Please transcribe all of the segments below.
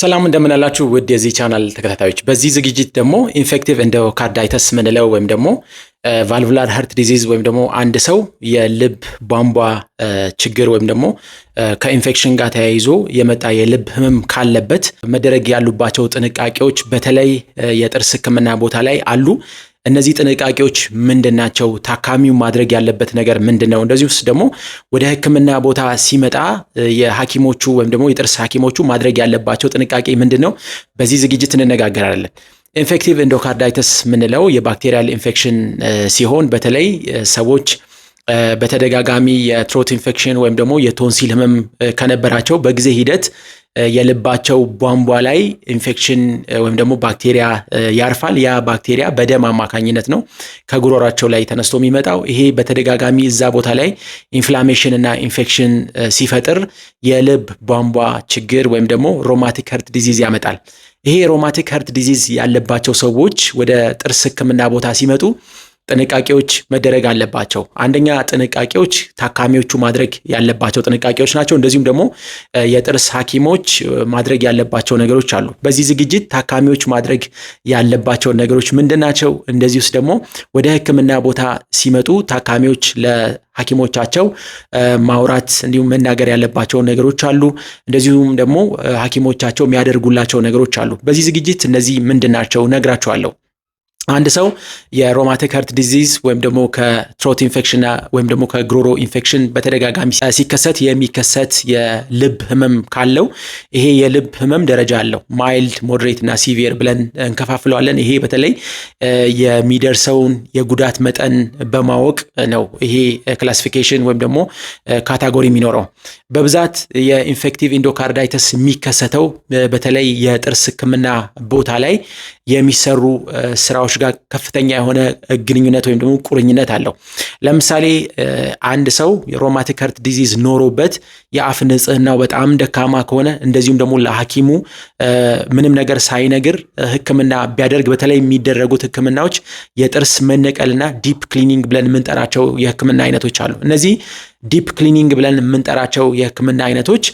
ሰላም እንደምናላችሁ ውድ የዚህ ቻናል ተከታታዮች፣ በዚህ ዝግጅት ደግሞ ኢንፌክቲቭ ኤንዶካርዳይተስ ምንለው ወይም ደግሞ ቫልቭላር ሀርት ዲዚዝ ወይም ደግሞ አንድ ሰው የልብ ቧንቧ ችግር ወይም ደግሞ ከኢንፌክሽን ጋር ተያይዞ የመጣ የልብ ህመም ካለበት መደረግ ያሉባቸው ጥንቃቄዎች በተለይ የጥርስ ህክምና ቦታ ላይ አሉ። እነዚህ ጥንቃቄዎች ምንድን ናቸው? ታካሚው ማድረግ ያለበት ነገር ምንድን ነው? ውስጥ ደግሞ ወደ ሕክምና ቦታ ሲመጣ የሐኪሞቹ ወይም ደግሞ የጥርስ ሐኪሞቹ ማድረግ ያለባቸው ጥንቃቄ ምንድን ነው? በዚህ ዝግጅት እንነጋገራለን። ኢንፌክቲቭ ኢንዶካርዳይተስ ምንለው የባክቴሪያል ኢንፌክሽን ሲሆን በተለይ ሰዎች በተደጋጋሚ የትሮት ኢንፌክሽን ወይም ደግሞ የቶንሲል ህመም ከነበራቸው በጊዜ ሂደት የልባቸው ቧንቧ ላይ ኢንፌክሽን ወይም ደግሞ ባክቴሪያ ያርፋል። ያ ባክቴሪያ በደም አማካኝነት ነው ከጉሮሯቸው ላይ ተነስቶ የሚመጣው። ይሄ በተደጋጋሚ እዛ ቦታ ላይ ኢንፍላሜሽን እና ኢንፌክሽን ሲፈጥር የልብ ቧንቧ ችግር ወይም ደግሞ ሮማቲክ ከርት ዲዚዝ ያመጣል። ይሄ ሮማቲክ ከርት ዲዚዝ ያለባቸው ሰዎች ወደ ጥርስ ህክምና ቦታ ሲመጡ ጥንቃቄዎች መደረግ አለባቸው። አንደኛ ጥንቃቄዎች ታካሚዎቹ ማድረግ ያለባቸው ጥንቃቄዎች ናቸው። እንደዚሁም ደግሞ የጥርስ ሐኪሞች ማድረግ ያለባቸው ነገሮች አሉ። በዚህ ዝግጅት ታካሚዎች ማድረግ ያለባቸው ነገሮች ምንድን ናቸው? እንደዚህ ውስጥ ደግሞ ወደ ሕክምና ቦታ ሲመጡ ታካሚዎች ለሐኪሞቻቸው ማውራት እንዲሁም መናገር ያለባቸው ነገሮች አሉ። እንደዚሁም ደግሞ ሐኪሞቻቸው የሚያደርጉላቸው ነገሮች አሉ። በዚህ ዝግጅት እነዚህ ምንድን ናቸው እነግራቸዋለሁ። አንድ ሰው የሮማቲክ ሀርት ዲዚዝ ወይም ደግሞ ከትሮት ኢንፌክሽን ወይም ደግሞ ከግሮሮ ኢንፌክሽን በተደጋጋሚ ሲከሰት የሚከሰት የልብ ህመም ካለው ይሄ የልብ ህመም ደረጃ አለው። ማይልድ፣ ሞዴሬት እና ሲቪየር ብለን እንከፋፍለዋለን። ይሄ በተለይ የሚደርሰውን የጉዳት መጠን በማወቅ ነው ይሄ ክላሲፊኬሽን ወይም ደግሞ ካታጎሪ የሚኖረው። በብዛት የኢንፌክቲቭ ኢንዶካርዳይተስ የሚከሰተው በተለይ የጥርስ ህክምና ቦታ ላይ የሚሰሩ ስራዎች ጋር ከፍተኛ የሆነ ግንኙነት ወይም ደግሞ ቁርኝነት አለው። ለምሳሌ አንድ ሰው የሮማቲክ ሀርት ዲዚዝ ኖሮበት የአፍ ንጽህናው በጣም ደካማ ከሆነ እንደዚሁም ደግሞ ለሐኪሙ ምንም ነገር ሳይነግር ሕክምና ቢያደርግ በተለይ የሚደረጉት ሕክምናዎች የጥርስ መነቀልና ዲፕ ክሊኒንግ ብለን የምንጠራቸው የሕክምና አይነቶች አሉ። እነዚህ ዲፕ ክሊኒንግ ብለን የምንጠራቸው የሕክምና አይነቶች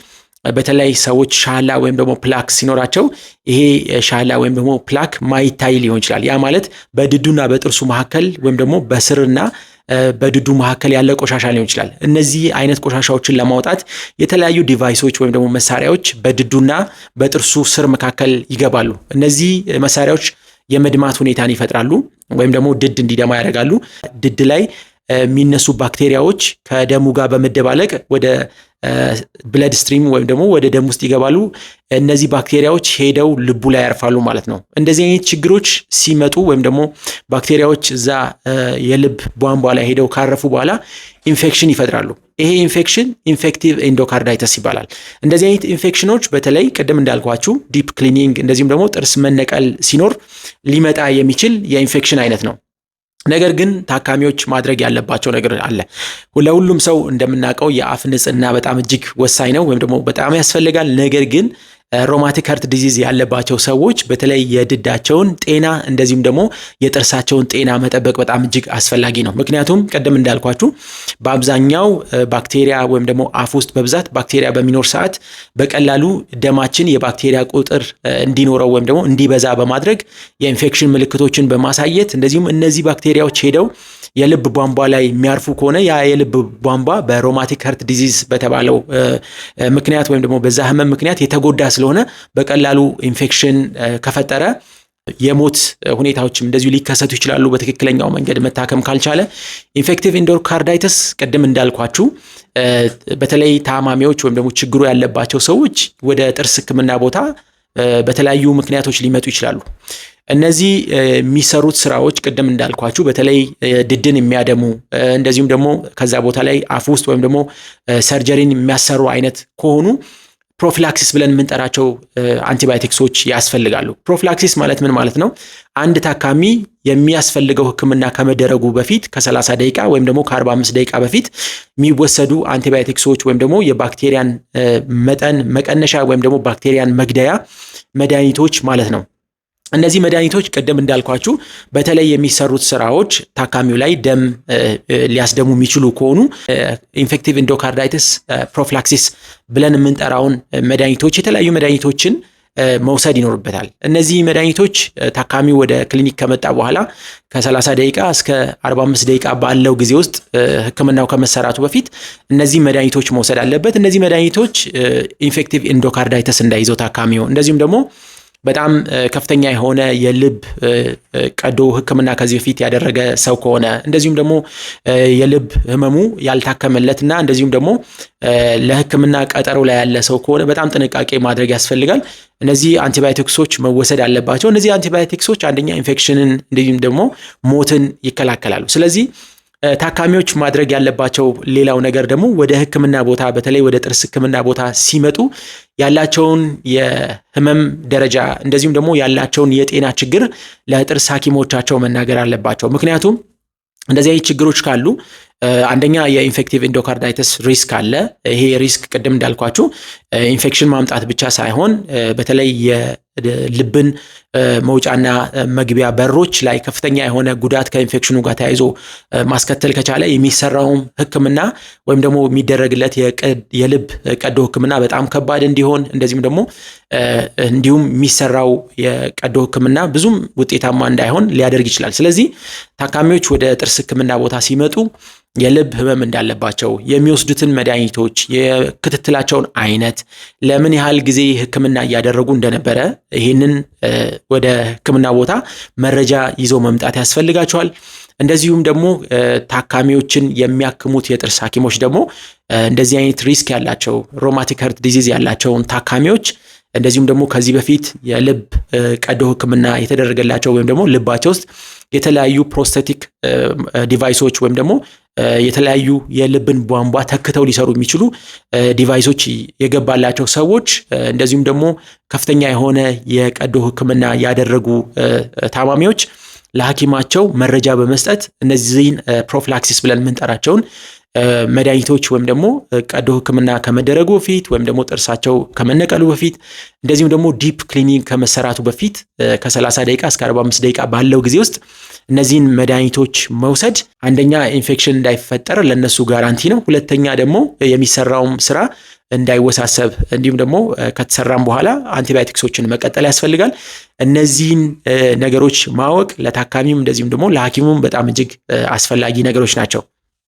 በተለይ ሰዎች ሻላ ወይም ደግሞ ፕላክ ሲኖራቸው ይሄ ሻላ ወይም ደግሞ ፕላክ ማይታይ ሊሆን ይችላል። ያ ማለት በድዱና በጥርሱ መካከል ወይም ደግሞ በስርና በድዱ መካከል ያለ ቆሻሻ ሊሆን ይችላል። እነዚህ አይነት ቆሻሻዎችን ለማውጣት የተለያዩ ዲቫይሶች ወይም ደግሞ መሳሪያዎች በድዱና በጥርሱ ስር መካከል ይገባሉ። እነዚህ መሳሪያዎች የመድማት ሁኔታን ይፈጥራሉ ወይም ደግሞ ድድ እንዲደማ ያደርጋሉ። ድድ ላይ የሚነሱ ባክቴሪያዎች ከደሙ ጋር በመደባለቅ ወደ ብለድ ስትሪም ወይም ደግሞ ወደ ደም ውስጥ ይገባሉ። እነዚህ ባክቴሪያዎች ሄደው ልቡ ላይ ያርፋሉ ማለት ነው። እንደዚህ አይነት ችግሮች ሲመጡ ወይም ደግሞ ባክቴሪያዎች እዛ የልብ ቧንቧ ላይ ሄደው ካረፉ በኋላ ኢንፌክሽን ይፈጥራሉ። ይሄ ኢንፌክሽን ኢንፌክቲቭ ኢንዶካርዳይተስ ይባላል። እንደዚህ አይነት ኢንፌክሽኖች በተለይ ቅድም እንዳልኳችሁ ዲፕ ክሊኒንግ እንደዚሁም ደግሞ ጥርስ መነቀል ሲኖር ሊመጣ የሚችል የኢንፌክሽን አይነት ነው። ነገር ግን ታካሚዎች ማድረግ ያለባቸው ነገር አለ። ለሁሉም ሰው እንደምናውቀው የአፍ ንጽህና በጣም እጅግ ወሳኝ ነው፣ ወይም ደግሞ በጣም ያስፈልጋል። ነገር ግን ሮማቲክ ሀርት ዲዚዝ ያለባቸው ሰዎች በተለይ የድዳቸውን ጤና እንደዚሁም ደግሞ የጥርሳቸውን ጤና መጠበቅ በጣም እጅግ አስፈላጊ ነው። ምክንያቱም ቅድም እንዳልኳችሁ በአብዛኛው ባክቴሪያ ወይም ደግሞ አፍ ውስጥ በብዛት ባክቴሪያ በሚኖር ሰዓት በቀላሉ ደማችን የባክቴሪያ ቁጥር እንዲኖረው ወይም ደግሞ እንዲበዛ በማድረግ የኢንፌክሽን ምልክቶችን በማሳየት እንደዚሁም እነዚህ ባክቴሪያዎች ሄደው የልብ ቧንቧ ላይ የሚያርፉ ከሆነ ያ የልብ ቧንቧ በሮማቲክ ሀርት ዲዚዝ በተባለው ምክንያት ወይም ደግሞ በዛ ህመም ምክንያት የተጎዳ ስለሆነ በቀላሉ ኢንፌክሽን ከፈጠረ የሞት ሁኔታዎችም እንደዚሁ ሊከሰቱ ይችላሉ። በትክክለኛው መንገድ መታከም ካልቻለ ኢንፌክቲቭ ኢንዶካርዳይተስ ቅድም እንዳልኳችሁ በተለይ ታማሚዎች ወይም ደግሞ ችግሩ ያለባቸው ሰዎች ወደ ጥርስ ሕክምና ቦታ በተለያዩ ምክንያቶች ሊመጡ ይችላሉ። እነዚህ የሚሰሩት ስራዎች ቅድም እንዳልኳችሁ በተለይ ድድን የሚያደሙ እንደዚሁም ደግሞ ከዛ ቦታ ላይ አፍ ውስጥ ወይም ደግሞ ሰርጀሪን የሚያሰሩ አይነት ከሆኑ ፕሮፊላክሲስ ብለን የምንጠራቸው አንቲባዮቲክሶች ያስፈልጋሉ። ፕሮፊላክሲስ ማለት ምን ማለት ነው? አንድ ታካሚ የሚያስፈልገው ሕክምና ከመደረጉ በፊት ከ30 ደቂቃ ወይም ደግሞ ከ45 ደቂቃ በፊት የሚወሰዱ አንቲባዮቲክሶች ወይም ደግሞ የባክቴሪያን መጠን መቀነሻ ወይም ደግሞ ባክቴሪያን መግደያ መድኃኒቶች ማለት ነው። እነዚህ መድኃኒቶች ቅድም እንዳልኳችሁ በተለይ የሚሰሩት ስራዎች ታካሚው ላይ ደም ሊያስደሙ የሚችሉ ከሆኑ ኢንፌክቲቭ ኢንዶካርዳይትስ ፕሮፍላክሲስ ብለን የምንጠራውን መድኃኒቶች የተለያዩ መድኃኒቶችን መውሰድ ይኖርበታል። እነዚህ መድኃኒቶች ታካሚው ወደ ክሊኒክ ከመጣ በኋላ ከ30 ደቂቃ እስከ 45 ደቂቃ ባለው ጊዜ ውስጥ ሕክምናው ከመሰራቱ በፊት እነዚህ መድኃኒቶች መውሰድ አለበት። እነዚህ መድኃኒቶች ኢንፌክቲቭ ኢንዶካርዳይተስ እንዳይዘው ታካሚው እንደዚሁም ደግሞ በጣም ከፍተኛ የሆነ የልብ ቀዶ ሕክምና ከዚህ በፊት ያደረገ ሰው ከሆነ እንደዚሁም ደግሞ የልብ ህመሙ ያልታከመለት እና እንደዚሁም ደግሞ ለሕክምና ቀጠሮ ላይ ያለ ሰው ከሆነ በጣም ጥንቃቄ ማድረግ ያስፈልጋል። እነዚህ አንቲባዮቲክሶች መወሰድ አለባቸው። እነዚህ አንቲባዮቲክሶች አንደኛ ኢንፌክሽንን እንዲሁም ደግሞ ሞትን ይከላከላሉ። ስለዚህ ታካሚዎች ማድረግ ያለባቸው ሌላው ነገር ደግሞ ወደ ሕክምና ቦታ በተለይ ወደ ጥርስ ሕክምና ቦታ ሲመጡ ያላቸውን የህመም ደረጃ እንደዚሁም ደግሞ ያላቸውን የጤና ችግር ለጥርስ ሐኪሞቻቸው መናገር አለባቸው። ምክንያቱም እንደዚህ አይነት ችግሮች ካሉ አንደኛ የኢንፌክቲቭ ኢንዶካርዳይተስ ሪስክ አለ። ይሄ ሪስክ ቅድም እንዳልኳችሁ ኢንፌክሽን ማምጣት ብቻ ሳይሆን በተለይ የልብን መውጫና መግቢያ በሮች ላይ ከፍተኛ የሆነ ጉዳት ከኢንፌክሽኑ ጋር ተያይዞ ማስከተል ከቻለ የሚሰራውም ሕክምና ወይም ደግሞ የሚደረግለት የልብ ቀዶ ሕክምና በጣም ከባድ እንዲሆን እንደዚሁም ደግሞ እንዲሁም የሚሰራው የቀዶ ሕክምና ብዙም ውጤታማ እንዳይሆን ሊያደርግ ይችላል። ስለዚህ ታካሚዎች ወደ ጥርስ ሕክምና ቦታ ሲመጡ የልብ ህመም እንዳለባቸው፣ የሚወስዱትን መድኃኒቶች፣ የክትትላቸውን አይነት፣ ለምን ያህል ጊዜ ህክምና እያደረጉ እንደነበረ ይህንን ወደ ህክምና ቦታ መረጃ ይዞ መምጣት ያስፈልጋቸዋል። እንደዚሁም ደግሞ ታካሚዎችን የሚያክሙት የጥርስ ሐኪሞች ደግሞ እንደዚህ አይነት ሪስክ ያላቸው ሮማቲክ ሀርት ዲዚዝ ያላቸውን ታካሚዎች እንደዚሁም ደግሞ ከዚህ በፊት የልብ ቀዶ ህክምና የተደረገላቸው ወይም ደግሞ ልባቸው ውስጥ የተለያዩ ፕሮስቴቲክ ዲቫይሶች ወይም ደግሞ የተለያዩ የልብን ቧንቧ ተክተው ሊሰሩ የሚችሉ ዲቫይሶች የገባላቸው ሰዎች እንደዚሁም ደግሞ ከፍተኛ የሆነ የቀዶ ሕክምና ያደረጉ ታማሚዎች ለሐኪማቸው መረጃ በመስጠት እነዚህን ፕሮፍላክሲስ ብለን የምንጠራቸውን መድኃኒቶች ወይም ደግሞ ቀዶ ሕክምና ከመደረጉ በፊት ወይም ደግሞ ጥርሳቸው ከመነቀሉ በፊት እንደዚሁም ደግሞ ዲፕ ክሊኒንግ ከመሰራቱ በፊት ከ30 ደቂቃ እስከ 45 ደቂቃ ባለው ጊዜ ውስጥ እነዚህን መድኃኒቶች መውሰድ አንደኛ ኢንፌክሽን እንዳይፈጠር ለእነሱ ጋራንቲ ነው። ሁለተኛ ደግሞ የሚሰራውም ስራ እንዳይወሳሰብ እንዲሁም ደግሞ ከተሰራም በኋላ አንቲባዮቲክሶችን መቀጠል ያስፈልጋል። እነዚህን ነገሮች ማወቅ ለታካሚም እንደዚሁም ደግሞ ለሐኪሙም በጣም እጅግ አስፈላጊ ነገሮች ናቸው።